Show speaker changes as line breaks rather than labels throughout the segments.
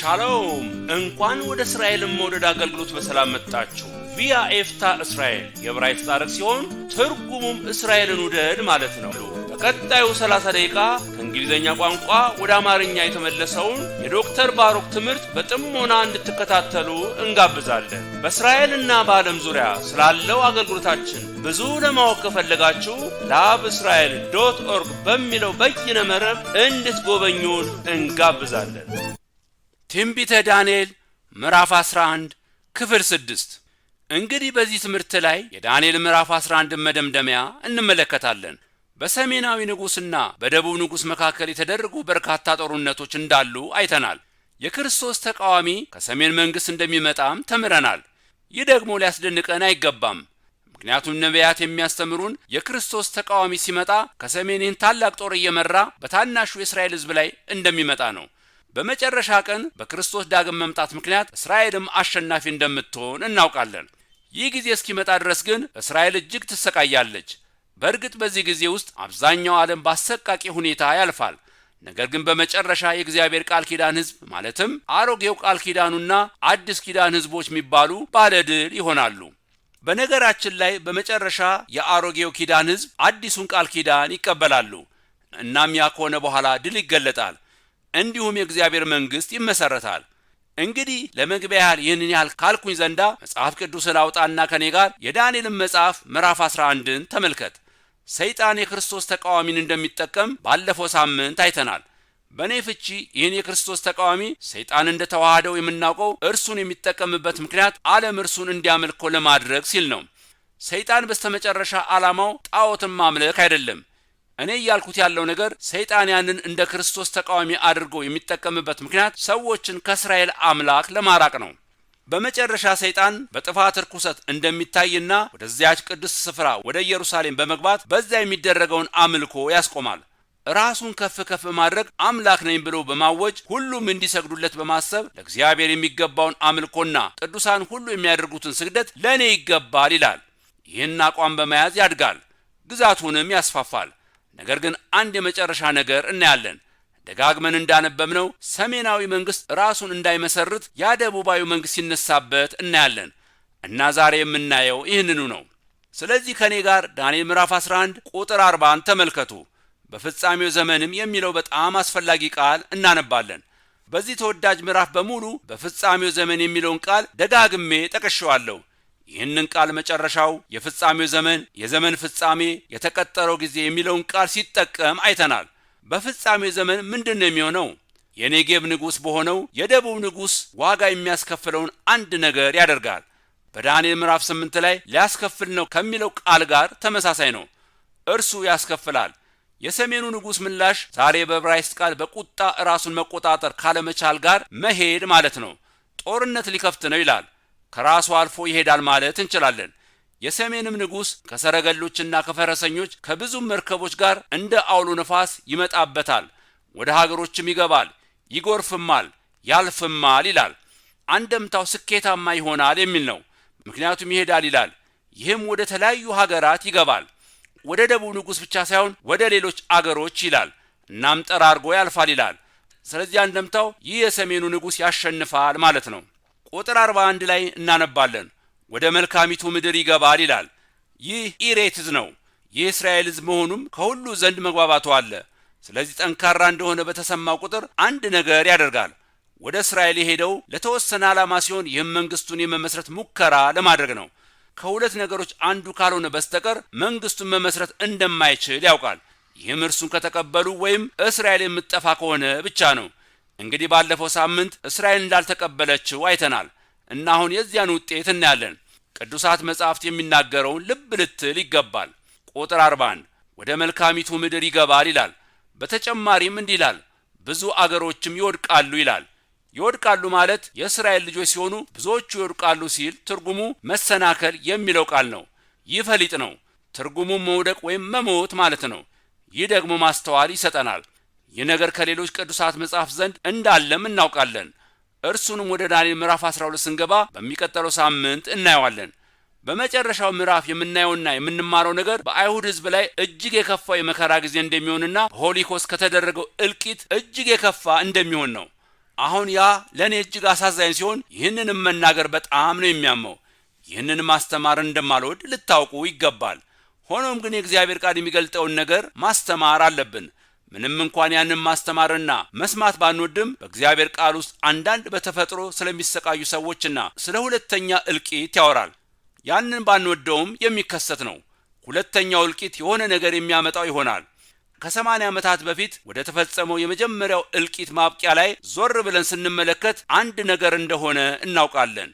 ሻሎም እንኳን ወደ እስራኤልን መውደድ አገልግሎት በሰላም መጣችሁ። ቪያ ኤፍታ እስራኤል የዕብራይስጥ ታሪክ ሲሆን ትርጉሙም እስራኤልን ውደድ ማለት ነው። በቀጣዩ 30 ደቂቃ ከእንግሊዝኛ ቋንቋ ወደ አማርኛ የተመለሰውን የዶክተር ባሮክ ትምህርት በጥሞና እንድትከታተሉ እንጋብዛለን። በእስራኤልና በዓለም ዙሪያ ስላለው አገልግሎታችን ብዙ ለማወቅ ከፈለጋችሁ ላብ እስራኤል ዶት ኦርግ በሚለው በይነ መረብ እንድትጎበኙን እንጋብዛለን። ትንቢተ ዳንኤል ምዕራፍ 11 ክፍል 6። እንግዲህ በዚህ ትምህርት ላይ የዳንኤል ምዕራፍ 11 መደምደሚያ እንመለከታለን። በሰሜናዊ ንጉሥና በደቡብ ንጉሥ መካከል የተደረጉ በርካታ ጦርነቶች እንዳሉ አይተናል። የክርስቶስ ተቃዋሚ ከሰሜን መንግሥት እንደሚመጣም ተምረናል። ይህ ደግሞ ሊያስደንቀን አይገባም። ምክንያቱም ነቢያት የሚያስተምሩን የክርስቶስ ተቃዋሚ ሲመጣ ከሰሜን ይህን ታላቅ ጦር እየመራ በታናሹ የእስራኤል ሕዝብ ላይ እንደሚመጣ ነው። በመጨረሻ ቀን በክርስቶስ ዳግም መምጣት ምክንያት እስራኤልም አሸናፊ እንደምትሆን እናውቃለን። ይህ ጊዜ እስኪመጣ ድረስ ግን እስራኤል እጅግ ትሰቃያለች። በእርግጥ በዚህ ጊዜ ውስጥ አብዛኛው ዓለም በአሰቃቂ ሁኔታ ያልፋል። ነገር ግን በመጨረሻ የእግዚአብሔር ቃል ኪዳን ሕዝብ ማለትም አሮጌው ቃል ኪዳኑና አዲስ ኪዳን ሕዝቦች የሚባሉ ባለድል ይሆናሉ። በነገራችን ላይ በመጨረሻ የአሮጌው ኪዳን ሕዝብ አዲሱን ቃል ኪዳን ይቀበላሉ። እናም ያ ከሆነ በኋላ ድል ይገለጣል። እንዲሁም የእግዚአብሔር መንግስት ይመሰረታል። እንግዲህ ለመግቢያ ያህል ይህንን ያህል ካልኩኝ ዘንዳ መጽሐፍ ቅዱስን አውጣና ከኔ ጋር የዳንኤልን መጽሐፍ ምዕራፍ 11ን ተመልከት። ሰይጣን የክርስቶስ ተቃዋሚን እንደሚጠቀም ባለፈው ሳምንት አይተናል። በእኔ ፍቺ ይህን የክርስቶስ ተቃዋሚ ሰይጣን እንደ ተዋህደው የምናውቀው እርሱን የሚጠቀምበት ምክንያት ዓለም እርሱን እንዲያመልኮ ለማድረግ ሲል ነው። ሰይጣን በስተመጨረሻ ዓላማው ጣዖትን ማምለክ አይደለም። እኔ እያልኩት ያለው ነገር ሰይጣን ያንን እንደ ክርስቶስ ተቃዋሚ አድርጎ የሚጠቀምበት ምክንያት ሰዎችን ከእስራኤል አምላክ ለማራቅ ነው። በመጨረሻ ሰይጣን በጥፋት ርኩሰት እንደሚታይና ወደዚያች ቅዱስ ስፍራ ወደ ኢየሩሳሌም በመግባት በዚያ የሚደረገውን አምልኮ ያስቆማል። ራሱን ከፍ ከፍ በማድረግ አምላክ ነኝ ብሎ በማወጅ ሁሉም እንዲሰግዱለት በማሰብ ለእግዚአብሔር የሚገባውን አምልኮና ቅዱሳን ሁሉ የሚያደርጉትን ስግደት ለእኔ ይገባል ይላል። ይህን አቋም በመያዝ ያድጋል፣ ግዛቱንም ያስፋፋል። ነገር ግን አንድ የመጨረሻ ነገር እናያለን። ደጋግመን እንዳነበብነው ሰሜናዊ መንግስት ራሱን እንዳይመሰርት ያ ደቡባዊ መንግስት ሲነሳበት እናያለን እና ዛሬ የምናየው ይህንኑ ነው። ስለዚህ ከእኔ ጋር ዳንኤል ምዕራፍ 11 ቁጥር 40ን ተመልከቱ። በፍጻሜው ዘመንም የሚለው በጣም አስፈላጊ ቃል እናነባለን። በዚህ ተወዳጅ ምዕራፍ በሙሉ በፍጻሜው ዘመን የሚለውን ቃል ደጋግሜ ጠቅሼዋለሁ። ይህንን ቃል መጨረሻው፣ የፍጻሜው ዘመን፣ የዘመን ፍጻሜ፣ የተቀጠረው ጊዜ የሚለውን ቃል ሲጠቀም አይተናል። በፍጻሜው ዘመን ምንድን ነው የሚሆነው? የኔጌብ ንጉሥ በሆነው የደቡብ ንጉሥ ዋጋ የሚያስከፍለውን አንድ ነገር ያደርጋል። በዳንኤል ምዕራፍ ስምንት ላይ ሊያስከፍል ነው ከሚለው ቃል ጋር ተመሳሳይ ነው። እርሱ ያስከፍላል። የሰሜኑ ንጉሥ ምላሽ ዛሬ በዕብራይስጥ ቃል በቁጣ ራሱን መቆጣጠር ካለመቻል ጋር መሄድ ማለት ነው። ጦርነት ሊከፍት ነው ይላል። ከራሱ አልፎ ይሄዳል ማለት እንችላለን። የሰሜንም ንጉሥ ከሰረገሎችና ከፈረሰኞች ከብዙ መርከቦች ጋር እንደ አውሎ ነፋስ ይመጣበታል፣ ወደ ሀገሮችም ይገባል፣ ይጎርፍማል፣ ያልፍማል ይላል። አንደምታው ስኬታማ ይሆናል የሚል ነው። ምክንያቱም ይሄዳል ይላል። ይህም ወደ ተለያዩ ሀገራት ይገባል። ወደ ደቡብ ንጉሥ ብቻ ሳይሆን ወደ ሌሎች አገሮች ይላል። እናም ጠራርጎ ያልፋል ይላል። ስለዚህ አንደምታው ይህ የሰሜኑ ንጉሥ ያሸንፋል ማለት ነው። ቁጥር 41 ላይ እናነባለን። ወደ መልካሚቱ ምድር ይገባል ይላል። ይህ ኢሬትዝ ነው። የእስራኤል ሕዝብ መሆኑም ከሁሉ ዘንድ መግባባቱ አለ። ስለዚህ ጠንካራ እንደሆነ በተሰማ ቁጥር አንድ ነገር ያደርጋል። ወደ እስራኤል የሄደው ለተወሰነ ዓላማ ሲሆን ይህም መንግስቱን የመመስረት ሙከራ ለማድረግ ነው። ከሁለት ነገሮች አንዱ ካልሆነ በስተቀር መንግስቱን መመስረት እንደማይችል ያውቃል። ይህም እርሱን ከተቀበሉ ወይም እስራኤል የምትጠፋ ከሆነ ብቻ ነው። እንግዲህ ባለፈው ሳምንት እስራኤል እንዳልተቀበለችው አይተናል እና አሁን የዚያን ውጤት እናያለን። ቅዱሳት መጻሕፍት የሚናገረውን ልብ ልትል ይገባል። ቁጥር 41 ወደ መልካሚቱ ምድር ይገባል ይላል። በተጨማሪም እንዲህ ይላል፣ ብዙ አገሮችም ይወድቃሉ ይላል። ይወድቃሉ ማለት የእስራኤል ልጆች ሲሆኑ ብዙዎቹ ይወድቃሉ ሲል ትርጉሙ መሰናከል የሚለው ቃል ነው። ይህ ፈሊጥ ነው። ትርጉሙ መውደቅ ወይም መሞት ማለት ነው። ይህ ደግሞ ማስተዋል ይሰጠናል። ይህ ነገር ከሌሎች ቅዱሳት መጽሐፍ ዘንድ እንዳለም እናውቃለን። እርሱንም ወደ ዳንኤል ምዕራፍ 12 ስንገባ በሚቀጥለው ሳምንት እናየዋለን። በመጨረሻው ምዕራፍ የምናየውና የምንማረው ነገር በአይሁድ ሕዝብ ላይ እጅግ የከፋ የመከራ ጊዜ እንደሚሆንና ሆሊኮስ ከተደረገው እልቂት እጅግ የከፋ እንደሚሆን ነው። አሁን ያ ለእኔ እጅግ አሳዛኝ ሲሆን ይህንንም መናገር በጣም ነው የሚያመው። ይህንን ማስተማር እንደማልወድ ልታውቁ ይገባል። ሆኖም ግን የእግዚአብሔር ቃል የሚገልጠውን ነገር ማስተማር አለብን። ምንም እንኳን ያንን ማስተማርና መስማት ባንወድም በእግዚአብሔር ቃል ውስጥ አንዳንድ በተፈጥሮ ስለሚሰቃዩ ሰዎችና ስለ ሁለተኛ እልቂት ያወራል። ያንን ባንወደውም የሚከሰት ነው። ሁለተኛው እልቂት የሆነ ነገር የሚያመጣው ይሆናል። ከሰማንያ ዓመታት በፊት ወደ ተፈጸመው የመጀመሪያው እልቂት ማብቂያ ላይ ዞር ብለን ስንመለከት አንድ ነገር እንደሆነ እናውቃለን።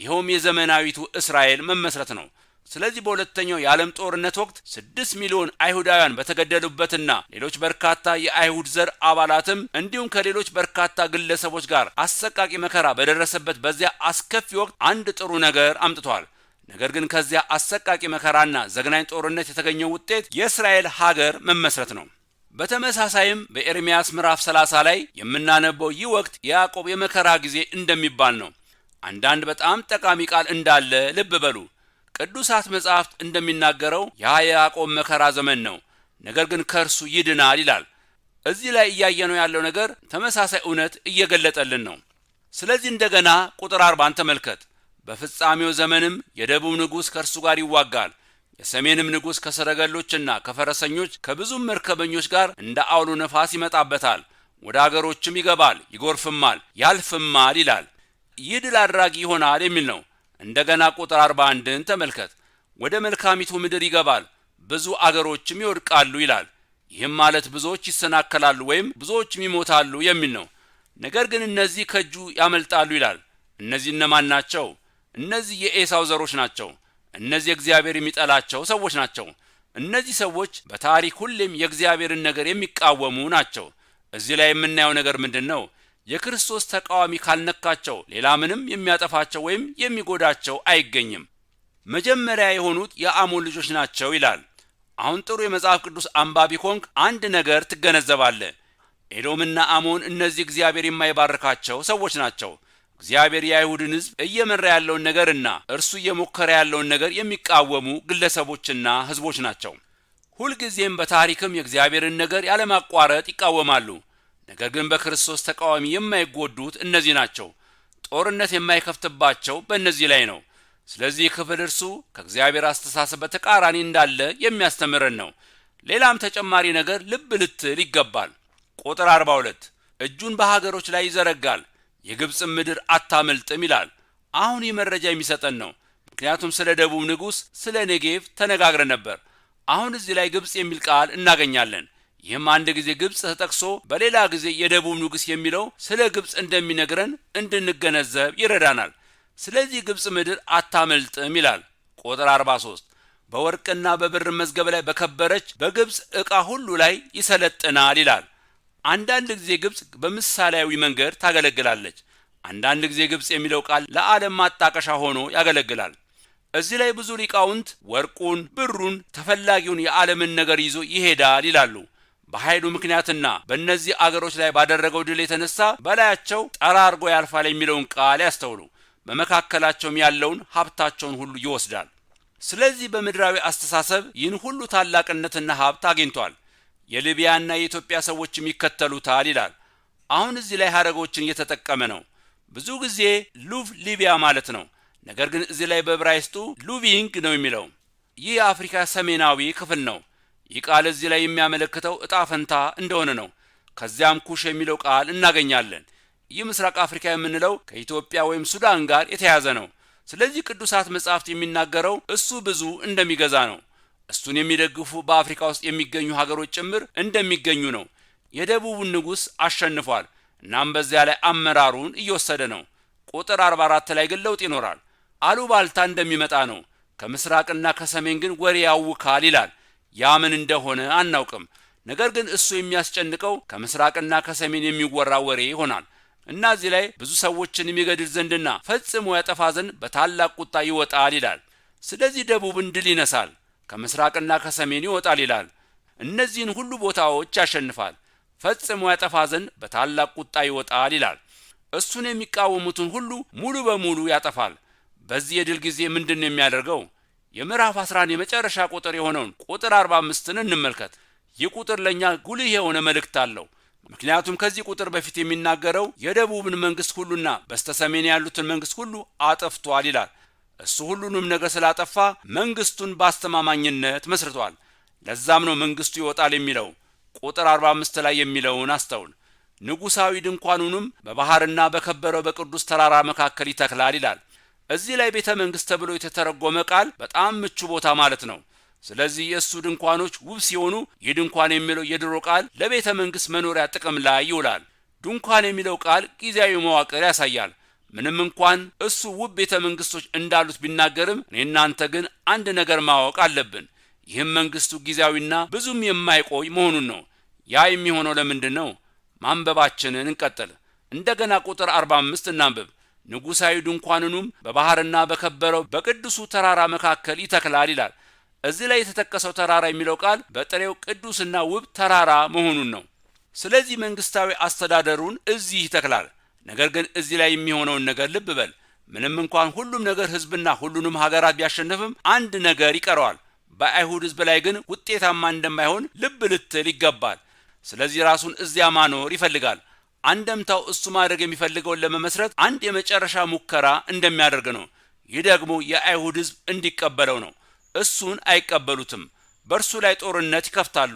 ይኸውም የዘመናዊቱ እስራኤል መመስረት ነው። ስለዚህ በሁለተኛው የዓለም ጦርነት ወቅት ስድስት ሚሊዮን አይሁዳውያን በተገደሉበትና ሌሎች በርካታ የአይሁድ ዘር አባላትም እንዲሁም ከሌሎች በርካታ ግለሰቦች ጋር አሰቃቂ መከራ በደረሰበት በዚያ አስከፊ ወቅት አንድ ጥሩ ነገር አምጥቷል። ነገር ግን ከዚያ አሰቃቂ መከራና ዘግናኝ ጦርነት የተገኘው ውጤት የእስራኤል ሀገር መመስረት ነው። በተመሳሳይም በኤርምያስ ምዕራፍ 30 ላይ የምናነበው ይህ ወቅት የያዕቆብ የመከራ ጊዜ እንደሚባል ነው። አንዳንድ በጣም ጠቃሚ ቃል እንዳለ ልብ በሉ። ቅዱሳት መጽሐፍት እንደሚናገረው ያ የያዕቆብ መከራ ዘመን ነው፣ ነገር ግን ከእርሱ ይድናል ይላል። እዚህ ላይ እያየነው ያለው ነገር ተመሳሳይ እውነት እየገለጠልን ነው። ስለዚህ እንደገና ቁጥር አርባን ተመልከት። በፍጻሜው ዘመንም የደቡብ ንጉሥ ከእርሱ ጋር ይዋጋል፣ የሰሜንም ንጉሥ ከሰረገሎችና ከፈረሰኞች ከብዙም መርከበኞች ጋር እንደ አውሎ ነፋስ ይመጣበታል፣ ወደ አገሮችም ይገባል፣ ይጎርፍማል፣ ያልፍማል ይላል። ይህ ድል አድራጊ ይሆናል የሚል ነው። እንደገና ቁጥር 41ን ተመልከት። ወደ መልካሚቱ ምድር ይገባል ብዙ አገሮችም ይወድቃሉ ይላል። ይህም ማለት ብዙዎች ይሰናከላሉ ወይም ብዙዎችም ይሞታሉ የሚል ነው። ነገር ግን እነዚህ ከእጁ ያመልጣሉ ይላል። እነዚህ እነማን ናቸው? እነዚህ የኤሳው ዘሮች ናቸው። እነዚህ እግዚአብሔር የሚጠላቸው ሰዎች ናቸው። እነዚህ ሰዎች በታሪክ ሁሌም የእግዚአብሔርን ነገር የሚቃወሙ ናቸው። እዚህ ላይ የምናየው ነገር ምንድን ነው? የክርስቶስ ተቃዋሚ ካልነካቸው ሌላ ምንም የሚያጠፋቸው ወይም የሚጎዳቸው አይገኝም። መጀመሪያ የሆኑት የአሞን ልጆች ናቸው ይላል። አሁን ጥሩ የመጽሐፍ ቅዱስ አንባቢ ሆንክ አንድ ነገር ትገነዘባለህ። ኤዶምና አሞን እነዚህ እግዚአብሔር የማይባርካቸው ሰዎች ናቸው። እግዚአብሔር የአይሁድን ሕዝብ እየመራ ያለውን ነገርና እርሱ እየሞከረ ያለውን ነገር የሚቃወሙ ግለሰቦችና ሕዝቦች ናቸው። ሁልጊዜም በታሪክም የእግዚአብሔርን ነገር ያለማቋረጥ ይቃወማሉ። ነገር ግን በክርስቶስ ተቃዋሚ የማይጎዱት እነዚህ ናቸው። ጦርነት የማይከፍትባቸው በእነዚህ ላይ ነው። ስለዚህ ክፍል እርሱ ከእግዚአብሔር አስተሳሰብ በተቃራኒ እንዳለ የሚያስተምረን ነው። ሌላም ተጨማሪ ነገር ልብ ልትል ይገባል። ቁጥር 42 እጁን በሀገሮች ላይ ይዘረጋል፣ የግብፅን ምድር አታመልጥም ይላል። አሁን ይህ መረጃ የሚሰጠን ነው። ምክንያቱም ስለ ደቡብ ንጉሥ ስለ ኔጌቭ ተነጋግረን ነበር። አሁን እዚህ ላይ ግብፅ የሚል ቃል እናገኛለን። ይህም አንድ ጊዜ ግብጽ ተጠቅሶ በሌላ ጊዜ የደቡብ ንጉሥ የሚለው ስለ ግብጽ እንደሚነግረን እንድንገነዘብ ይረዳናል። ስለዚህ ግብጽ ምድር አታመልጥም ይላል። ቁጥር 43 በወርቅና በብር መዝገብ ላይ በከበረች በግብጽ ዕቃ ሁሉ ላይ ይሰለጥናል ይላል። አንዳንድ ጊዜ ግብፅ በምሳሌያዊ መንገድ ታገለግላለች። አንዳንድ ጊዜ ግብፅ የሚለው ቃል ለዓለም ማጣቀሻ ሆኖ ያገለግላል። እዚህ ላይ ብዙ ሊቃውንት ወርቁን፣ ብሩን፣ ተፈላጊውን የዓለምን ነገር ይዞ ይሄዳል ይላሉ። በኃይሉ ምክንያትና በእነዚህ አገሮች ላይ ባደረገው ድል የተነሳ በላያቸው ጠራርጎ ያልፋል የሚለውን ቃል ያስተውሉ። በመካከላቸውም ያለውን ሀብታቸውን ሁሉ ይወስዳል። ስለዚህ በምድራዊ አስተሳሰብ ይህን ሁሉ ታላቅነትና ሀብት አግኝቷል። የሊቢያና የኢትዮጵያ ሰዎችም ይከተሉታል ይላል። አሁን እዚህ ላይ ሀረጎችን እየተጠቀመ ነው። ብዙ ጊዜ ሉቭ ሊቢያ ማለት ነው። ነገር ግን እዚህ ላይ በብራይስጡ ሉቪንግ ነው የሚለው። ይህ የአፍሪካ ሰሜናዊ ክፍል ነው። ይህ ቃል እዚህ ላይ የሚያመለክተው እጣ ፈንታ እንደሆነ ነው። ከዚያም ኩሽ የሚለው ቃል እናገኛለን። ይህ ምስራቅ አፍሪካ የምንለው ከኢትዮጵያ ወይም ሱዳን ጋር የተያያዘ ነው። ስለዚህ ቅዱሳት መጻሕፍት የሚናገረው እሱ ብዙ እንደሚገዛ ነው። እሱን የሚደግፉ በአፍሪካ ውስጥ የሚገኙ ሀገሮች ጭምር እንደሚገኙ ነው። የደቡቡን ንጉሥ አሸንፏል። እናም በዚያ ላይ አመራሩን እየወሰደ ነው። ቁጥር 44 ላይ ግን ለውጥ ይኖራል። አሉባልታ እንደሚመጣ ነው። ከምስራቅና ከሰሜን ግን ወሬ ያውካል ይላል። ያ ምን እንደሆነ አናውቅም። ነገር ግን እሱ የሚያስጨንቀው ከምስራቅና ከሰሜን የሚወራ ወሬ ይሆናል እና እዚህ ላይ ብዙ ሰዎችን የሚገድል ዘንድና ፈጽሞ ያጠፋ ዘንድ በታላቅ ቁጣ ይወጣል ይላል። ስለዚህ ደቡብን ድል ይነሳል፣ ከምስራቅና ከሰሜን ይወጣል ይላል። እነዚህን ሁሉ ቦታዎች ያሸንፋል፣ ፈጽሞ ያጠፋ ዘንድ በታላቅ ቁጣ ይወጣል ይላል። እሱን የሚቃወሙትን ሁሉ ሙሉ በሙሉ ያጠፋል። በዚህ የድል ጊዜ ምንድን ነው የሚያደርገው? የምዕራፍ 11 የመጨረሻ ቁጥር የሆነውን ቁጥር 45ን እንመልከት። ይህ ቁጥር ለእኛ ጉልህ የሆነ መልእክት አለው። ምክንያቱም ከዚህ ቁጥር በፊት የሚናገረው የደቡብን መንግስት ሁሉና በስተሰሜን ያሉትን መንግስት ሁሉ አጠፍቷል ይላል። እሱ ሁሉንም ነገር ስላጠፋ መንግስቱን በአስተማማኝነት መስርቷል። ለዛም ነው መንግስቱ ይወጣል የሚለው ቁጥር 45 ላይ የሚለውን አስተውል። ንጉሳዊ ድንኳኑንም በባህርና በከበረው በቅዱስ ተራራ መካከል ይተክላል ይላል። እዚህ ላይ ቤተ መንግስት ተብሎ የተተረጎመ ቃል በጣም ምቹ ቦታ ማለት ነው። ስለዚህ የእሱ ድንኳኖች ውብ ሲሆኑ ይህ ድንኳን የሚለው የድሮ ቃል ለቤተ መንግስት መኖሪያ ጥቅም ላይ ይውላል። ድንኳን የሚለው ቃል ጊዜያዊ መዋቅር ያሳያል። ምንም እንኳን እሱ ውብ ቤተ መንግስቶች እንዳሉት ቢናገርም እኔ እናንተ ግን አንድ ነገር ማወቅ አለብን። ይህም መንግስቱ ጊዜያዊና ብዙም የማይቆይ መሆኑን ነው። ያ የሚሆነው ለምንድን ነው? ማንበባችንን እንቀጥል። እንደገና ቁጥር 45 እናንብብ። ንጉሳዊ ድንኳኑንም በባህርና በከበረው በቅዱሱ ተራራ መካከል ይተክላል ይላል። እዚህ ላይ የተጠቀሰው ተራራ የሚለው ቃል በጥሬው ቅዱስና ውብ ተራራ መሆኑን ነው። ስለዚህ መንግስታዊ አስተዳደሩን እዚህ ይተክላል። ነገር ግን እዚህ ላይ የሚሆነውን ነገር ልብ በል። ምንም እንኳን ሁሉም ነገር ህዝብና ሁሉንም ሀገራት ቢያሸንፍም አንድ ነገር ይቀረዋል። በአይሁድ ህዝብ ላይ ግን ውጤታማ እንደማይሆን ልብ ልትል ይገባል። ስለዚህ ራሱን እዚያ ማኖር ይፈልጋል። አንደምታው እሱ ማድረግ የሚፈልገውን ለመመስረት አንድ የመጨረሻ ሙከራ እንደሚያደርግ ነው። ይህ ደግሞ የአይሁድ ሕዝብ እንዲቀበለው ነው። እሱን አይቀበሉትም፣ በእርሱ ላይ ጦርነት ይከፍታሉ።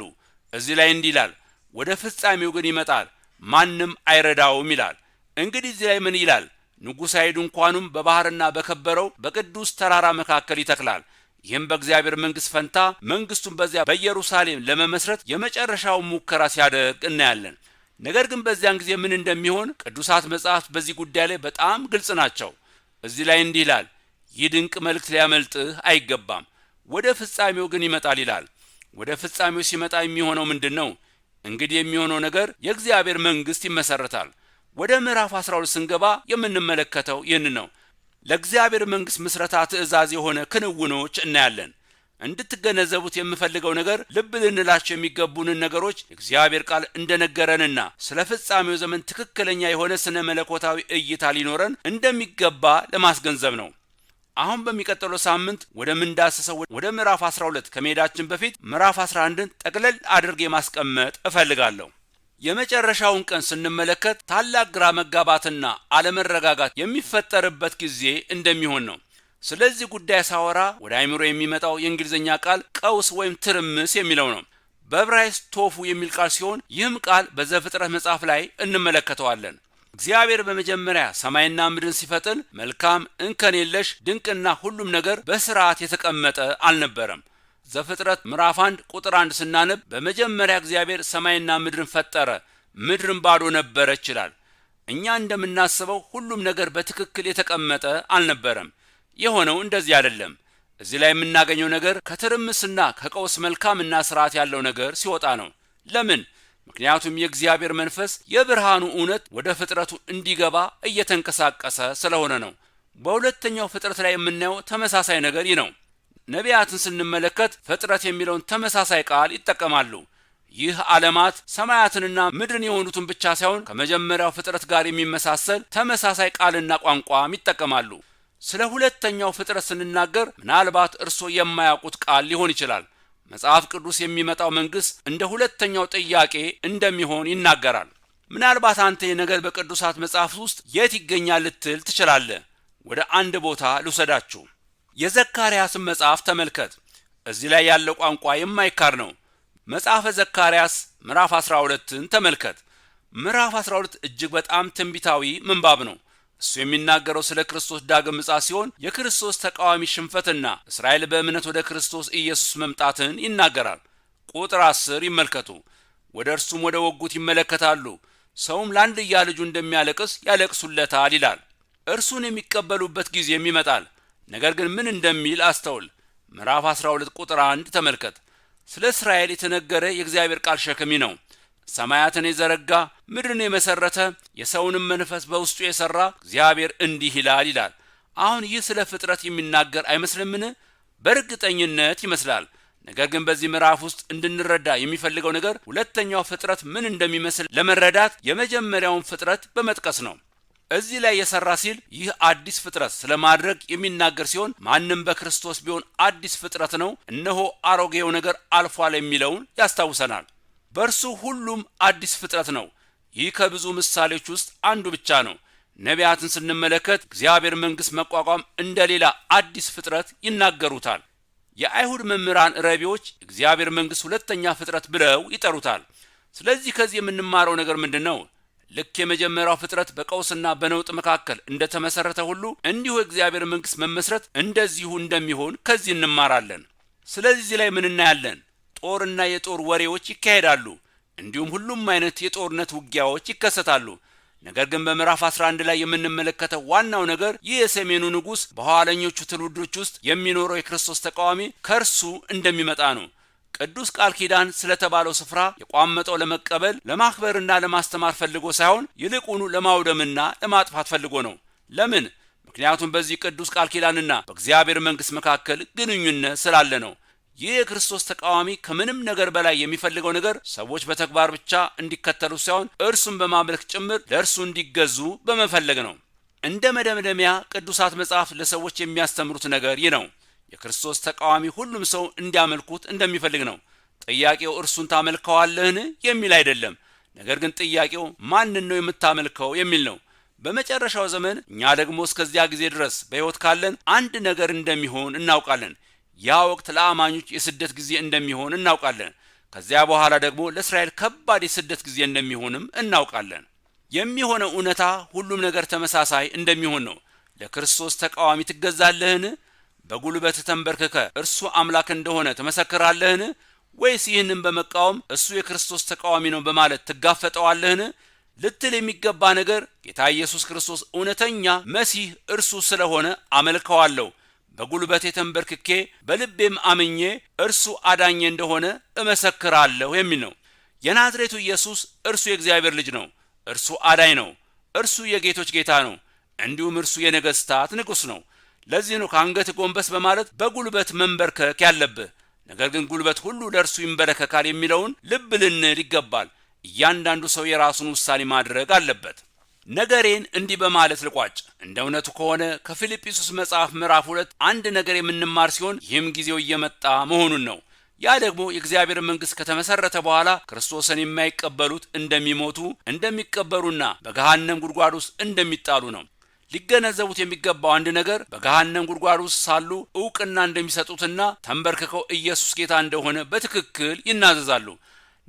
እዚህ ላይ እንዲህ ይላል፣ ወደ ፍጻሜው ግን ይመጣል፣ ማንም አይረዳውም ይላል። እንግዲህ እዚህ ላይ ምን ይላል? ንጉሣዊ ድንኳኑም በባህርና በከበረው በቅዱስ ተራራ መካከል ይተክላል። ይህም በእግዚአብሔር መንግሥት ፈንታ መንግሥቱን በዚያ በኢየሩሳሌም ለመመስረት የመጨረሻውን ሙከራ ሲያደርግ እናያለን። ነገር ግን በዚያን ጊዜ ምን እንደሚሆን ቅዱሳት መጽሐፍት በዚህ ጉዳይ ላይ በጣም ግልጽ ናቸው። እዚህ ላይ እንዲህ ይላል፣ ይህ ድንቅ መልእክት ሊያመልጥህ አይገባም፣ ወደ ፍጻሜው ግን ይመጣል ይላል። ወደ ፍጻሜው ሲመጣ የሚሆነው ምንድን ነው? እንግዲህ የሚሆነው ነገር የእግዚአብሔር መንግሥት ይመሰረታል። ወደ ምዕራፍ 12 ስንገባ የምንመለከተው ይህን ነው። ለእግዚአብሔር መንግሥት ምስረታ ትእዛዝ የሆነ ክንውኖች እናያለን። እንድትገነዘቡት የምፈልገው ነገር ልብ ልንላቸው የሚገቡንን ነገሮች እግዚአብሔር ቃል እንደነገረንና ስለ ፍጻሜው ዘመን ትክክለኛ የሆነ ስነ መለኮታዊ እይታ ሊኖረን እንደሚገባ ለማስገንዘብ ነው። አሁን በሚቀጥለው ሳምንት ወደ ምንዳሰሰው ወደ ምዕራፍ 12 ከመሄዳችን በፊት ምዕራፍ 11ን ጠቅለል አድርጌ ማስቀመጥ እፈልጋለሁ። የመጨረሻውን ቀን ስንመለከት ታላቅ ግራ መጋባትና አለመረጋጋት የሚፈጠርበት ጊዜ እንደሚሆን ነው። ስለዚህ ጉዳይ ሳወራ ወደ አይምሮ የሚመጣው የእንግሊዝኛ ቃል ቀውስ ወይም ትርምስ የሚለው ነው። በብራይስ ቶፉ የሚል ቃል ሲሆን ይህም ቃል በዘፍጥረት መጽሐፍ ላይ እንመለከተዋለን። እግዚአብሔር በመጀመሪያ ሰማይና ምድርን ሲፈጥር መልካም፣ እንከን የለሽ፣ ድንቅና ሁሉም ነገር በስርዓት የተቀመጠ አልነበረም። ዘፍጥረት ምዕራፍ 1 ቁጥር 1 ስናነብ በመጀመሪያ እግዚአብሔር ሰማይና ምድርን ፈጠረ፣ ምድርን ባዶ ነበረ ይችላል። እኛ እንደምናስበው ሁሉም ነገር በትክክል የተቀመጠ አልነበረም። የሆነው እንደዚህ አይደለም። እዚህ ላይ የምናገኘው ነገር ከትርምስና ከቀውስ መልካምና ስርዓት ያለው ነገር ሲወጣ ነው። ለምን? ምክንያቱም የእግዚአብሔር መንፈስ የብርሃኑ እውነት ወደ ፍጥረቱ እንዲገባ እየተንቀሳቀሰ ስለሆነ ነው። በሁለተኛው ፍጥረት ላይ የምናየው ተመሳሳይ ነገር ይህ ነው። ነቢያትን ስንመለከት ፍጥረት የሚለውን ተመሳሳይ ቃል ይጠቀማሉ። ይህ ዓለማት ሰማያትንና ምድርን የሆኑትን ብቻ ሳይሆን ከመጀመሪያው ፍጥረት ጋር የሚመሳሰል ተመሳሳይ ቃልና ቋንቋም ይጠቀማሉ። ስለ ሁለተኛው ፍጥረት ስንናገር ምናልባት እርስዎ የማያውቁት ቃል ሊሆን ይችላል። መጽሐፍ ቅዱስ የሚመጣው መንግሥት እንደ ሁለተኛው ጥያቄ እንደሚሆን ይናገራል። ምናልባት አንተ የነገር በቅዱሳት መጽሐፍ ውስጥ የት ይገኛል ልትል ትችላለህ። ወደ አንድ ቦታ ልውሰዳችሁ። የዘካርያስን መጽሐፍ ተመልከት። እዚህ ላይ ያለው ቋንቋ የማይካር ነው። መጽሐፈ ዘካርያስ ምዕራፍ 12ን ተመልከት። ምዕራፍ 12 እጅግ በጣም ትንቢታዊ ምንባብ ነው። እሱ የሚናገረው ስለ ክርስቶስ ዳግም ምጽአት ሲሆን የክርስቶስ ተቃዋሚ ሽንፈትና እስራኤል በእምነት ወደ ክርስቶስ ኢየሱስ መምጣትን ይናገራል። ቁጥር አስር ይመልከቱ። ወደ እርሱም ወደ ወጉት ይመለከታሉ፣ ሰውም ለአንድያ ልጁ እንደሚያለቅስ ያለቅሱለታል ይላል። እርሱን የሚቀበሉበት ጊዜም ይመጣል። ነገር ግን ምን እንደሚል አስተውል። ምዕራፍ 12 ቁጥር 1 ተመልከት። ስለ እስራኤል የተነገረ የእግዚአብሔር ቃል ሸክሚ ነው። ሰማያትን የዘረጋ ምድርን የመሰረተ የሰውንም መንፈስ በውስጡ የሰራ እግዚአብሔር እንዲህ ይላል ይላል። አሁን ይህ ስለ ፍጥረት የሚናገር አይመስልምን? በእርግጠኝነት ይመስላል። ነገር ግን በዚህ ምዕራፍ ውስጥ እንድንረዳ የሚፈልገው ነገር ሁለተኛው ፍጥረት ምን እንደሚመስል ለመረዳት የመጀመሪያውን ፍጥረት በመጥቀስ ነው። እዚህ ላይ የሰራ ሲል ይህ አዲስ ፍጥረት ስለማድረግ የሚናገር ሲሆን ማንም በክርስቶስ ቢሆን አዲስ ፍጥረት ነው፣ እነሆ አሮጌው ነገር አልፏል የሚለውን ያስታውሰናል። በእርሱ ሁሉም አዲስ ፍጥረት ነው። ይህ ከብዙ ምሳሌዎች ውስጥ አንዱ ብቻ ነው። ነቢያትን ስንመለከት እግዚአብሔር መንግሥት መቋቋም እንደሌላ አዲስ ፍጥረት ይናገሩታል። የአይሁድ መምህራን ረቢዎች እግዚአብሔር መንግሥት ሁለተኛ ፍጥረት ብለው ይጠሩታል። ስለዚህ ከዚህ የምንማረው ነገር ምንድን ነው? ልክ የመጀመሪያው ፍጥረት በቀውስና በነውጥ መካከል እንደተመሰረተ ሁሉ እንዲሁ የእግዚአብሔር መንግሥት መመስረት እንደዚሁ እንደሚሆን ከዚህ እንማራለን። ስለዚህ ላይ ምን እናያለን? ጦርና የጦር ወሬዎች ይካሄዳሉ። እንዲሁም ሁሉም አይነት የጦርነት ውጊያዎች ይከሰታሉ። ነገር ግን በምዕራፍ 11 ላይ የምንመለከተው ዋናው ነገር ይህ የሰሜኑ ንጉሥ በኋለኞቹ ትውልዶች ውስጥ የሚኖረው የክርስቶስ ተቃዋሚ ከእርሱ እንደሚመጣ ነው። ቅዱስ ቃል ኪዳን ስለተባለው ስፍራ የቋመጠው ለመቀበል ለማክበርና ለማስተማር ፈልጎ ሳይሆን ይልቁኑ ለማውደምና ለማጥፋት ፈልጎ ነው። ለምን? ምክንያቱም በዚህ ቅዱስ ቃል ኪዳንና በእግዚአብሔር መንግሥት መካከል ግንኙነት ስላለ ነው። ይህ የክርስቶስ ተቃዋሚ ከምንም ነገር በላይ የሚፈልገው ነገር ሰዎች በተግባር ብቻ እንዲከተሉ ሳይሆን እርሱን በማምለክ ጭምር ለእርሱ እንዲገዙ በመፈለግ ነው። እንደ መደምደሚያ ቅዱሳት መጽሐፍ ለሰዎች የሚያስተምሩት ነገር ይህ ነው። የክርስቶስ ተቃዋሚ ሁሉም ሰው እንዲያመልኩት እንደሚፈልግ ነው። ጥያቄው እርሱን ታመልከዋለህን የሚል አይደለም። ነገር ግን ጥያቄው ማንን ነው የምታመልከው የሚል ነው። በመጨረሻው ዘመን እኛ ደግሞ እስከዚያ ጊዜ ድረስ በሕይወት ካለን አንድ ነገር እንደሚሆን እናውቃለን። ያ ወቅት ለአማኞች የስደት ጊዜ እንደሚሆን እናውቃለን። ከዚያ በኋላ ደግሞ ለእስራኤል ከባድ የስደት ጊዜ እንደሚሆንም እናውቃለን። የሚሆነው እውነታ ሁሉም ነገር ተመሳሳይ እንደሚሆን ነው። ለክርስቶስ ተቃዋሚ ትገዛለህን? በጉልበት ተንበርክከ እርሱ አምላክ እንደሆነ ትመሰክራለህን? ወይስ ይህንን በመቃወም እሱ የክርስቶስ ተቃዋሚ ነው በማለት ትጋፈጠዋለህን? ልትል የሚገባ ነገር ጌታ ኢየሱስ ክርስቶስ እውነተኛ መሲህ እርሱ ስለሆነ አመልከዋለሁ በጉልበቴ ተንበርክኬ በልቤም አምኜ እርሱ አዳኜ እንደሆነ እመሰክራለሁ የሚል ነው። የናዝሬቱ ኢየሱስ እርሱ የእግዚአብሔር ልጅ ነው። እርሱ አዳኝ ነው። እርሱ የጌቶች ጌታ ነው። እንዲሁም እርሱ የነገስታት ንጉሥ ነው። ለዚህ ነው ከአንገት ጎንበስ በማለት በጉልበት መንበርከክ ያለብህ። ነገር ግን ጉልበት ሁሉ ለእርሱ ይንበረከካል የሚለውን ልብ ልንል ይገባል። እያንዳንዱ ሰው የራሱን ውሳኔ ማድረግ አለበት። ነገሬን እንዲህ በማለት ልቋጭ። እንደ እውነቱ ከሆነ ከፊልጵስዩስ መጽሐፍ ምዕራፍ ሁለት አንድ ነገር የምንማር ሲሆን ይህም ጊዜው እየመጣ መሆኑን ነው። ያ ደግሞ የእግዚአብሔር መንግሥት ከተመሰረተ በኋላ ክርስቶስን የማይቀበሉት እንደሚሞቱ፣ እንደሚቀበሩና በገሃነም ጉድጓድ ውስጥ እንደሚጣሉ ነው። ሊገነዘቡት የሚገባው አንድ ነገር በገሃነም ጉድጓድ ውስጥ ሳሉ እውቅና እንደሚሰጡትና ተንበርክከው ኢየሱስ ጌታ እንደሆነ በትክክል ይናዘዛሉ።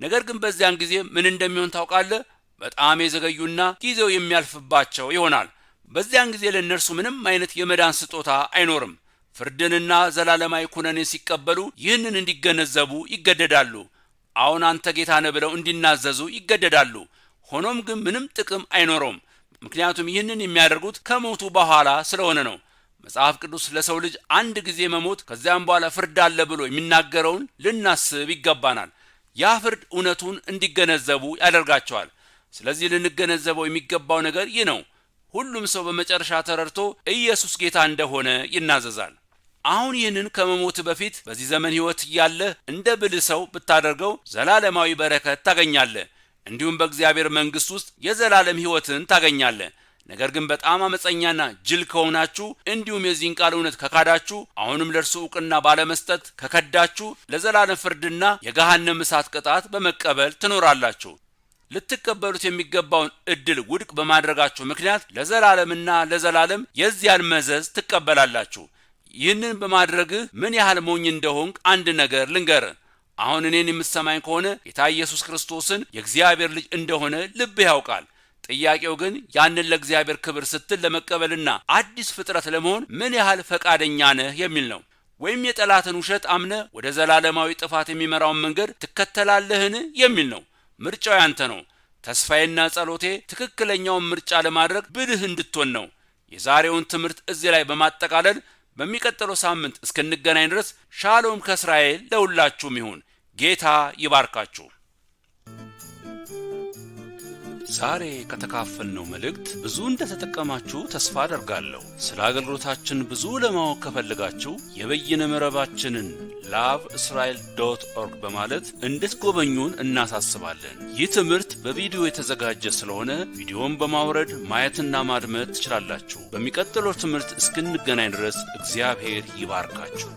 ነገር ግን በዚያን ጊዜ ምን እንደሚሆን ታውቃለህ? በጣም የዘገዩና ጊዜው የሚያልፍባቸው ይሆናል። በዚያን ጊዜ ለእነርሱ ምንም አይነት የመዳን ስጦታ አይኖርም። ፍርድንና ዘላለማዊ ኩነኔን ሲቀበሉ ይህንን እንዲገነዘቡ ይገደዳሉ። አሁን አንተ ጌታ ነህ ብለው እንዲናዘዙ ይገደዳሉ። ሆኖም ግን ምንም ጥቅም አይኖረውም። ምክንያቱም ይህንን የሚያደርጉት ከሞቱ በኋላ ስለሆነ ነው። መጽሐፍ ቅዱስ ለሰው ልጅ አንድ ጊዜ መሞት ከዚያም በኋላ ፍርድ አለ ብሎ የሚናገረውን ልናስብ ይገባናል። ያ ፍርድ እውነቱን እንዲገነዘቡ ያደርጋቸዋል። ስለዚህ ልንገነዘበው የሚገባው ነገር ይህ ነው። ሁሉም ሰው በመጨረሻ ተረድቶ ኢየሱስ ጌታ እንደሆነ ይናዘዛል። አሁን ይህንን ከመሞት በፊት በዚህ ዘመን ሕይወት እያለህ እንደ ብልህ ሰው ብታደርገው ዘላለማዊ በረከት ታገኛለህ። እንዲሁም በእግዚአብሔር መንግሥት ውስጥ የዘላለም ሕይወትን ታገኛለህ። ነገር ግን በጣም አመፀኛና ጅል ከሆናችሁ እንዲሁም የዚህን ቃል እውነት ከካዳችሁ አሁንም ለእርሱ እውቅና ባለመስጠት ከከዳችሁ ለዘላለም ፍርድና የገሃነም እሳት ቅጣት በመቀበል ትኖራላችሁ። ልትቀበሉት የሚገባውን እድል ውድቅ በማድረጋችሁ ምክንያት ለዘላለምና ለዘላለም የዚያን መዘዝ ትቀበላላችሁ። ይህንን በማድረግህ ምን ያህል ሞኝ እንደሆንክ አንድ ነገር ልንገር። አሁን እኔን የምትሰማኝ ከሆነ ጌታ ኢየሱስ ክርስቶስን የእግዚአብሔር ልጅ እንደሆነ ልብህ ያውቃል። ጥያቄው ግን ያንን ለእግዚአብሔር ክብር ስትል ለመቀበልና አዲስ ፍጥረት ለመሆን ምን ያህል ፈቃደኛ ነህ የሚል ነው። ወይም የጠላትን ውሸት አምነ ወደ ዘላለማዊ ጥፋት የሚመራውን መንገድ ትከተላለህን የሚል ነው። ምርጫው ያንተ ነው። ተስፋዬና ጸሎቴ ትክክለኛውን ምርጫ ለማድረግ ብልህ እንድትሆን ነው። የዛሬውን ትምህርት እዚህ ላይ በማጠቃለል በሚቀጥለው ሳምንት እስክንገናኝ ድረስ ሻሎም ከእስራኤል ለሁላችሁም ይሁን። ጌታ ይባርካችሁ። ዛሬ ከተካፈልነው መልእክት ብዙ እንደተጠቀማችሁ ተስፋ አደርጋለሁ። ስለ አገልግሎታችን ብዙ ለማወቅ ከፈልጋችሁ የበይነ መረባችንን ላቭ እስራኤል ዶት ኦርግ በማለት እንድትጎበኙን እናሳስባለን። ይህ ትምህርት በቪዲዮ የተዘጋጀ ስለሆነ ቪዲዮን በማውረድ ማየትና ማድመጥ ትችላላችሁ። በሚቀጥለው ትምህርት እስክንገናኝ ድረስ እግዚአብሔር ይባርካችሁ።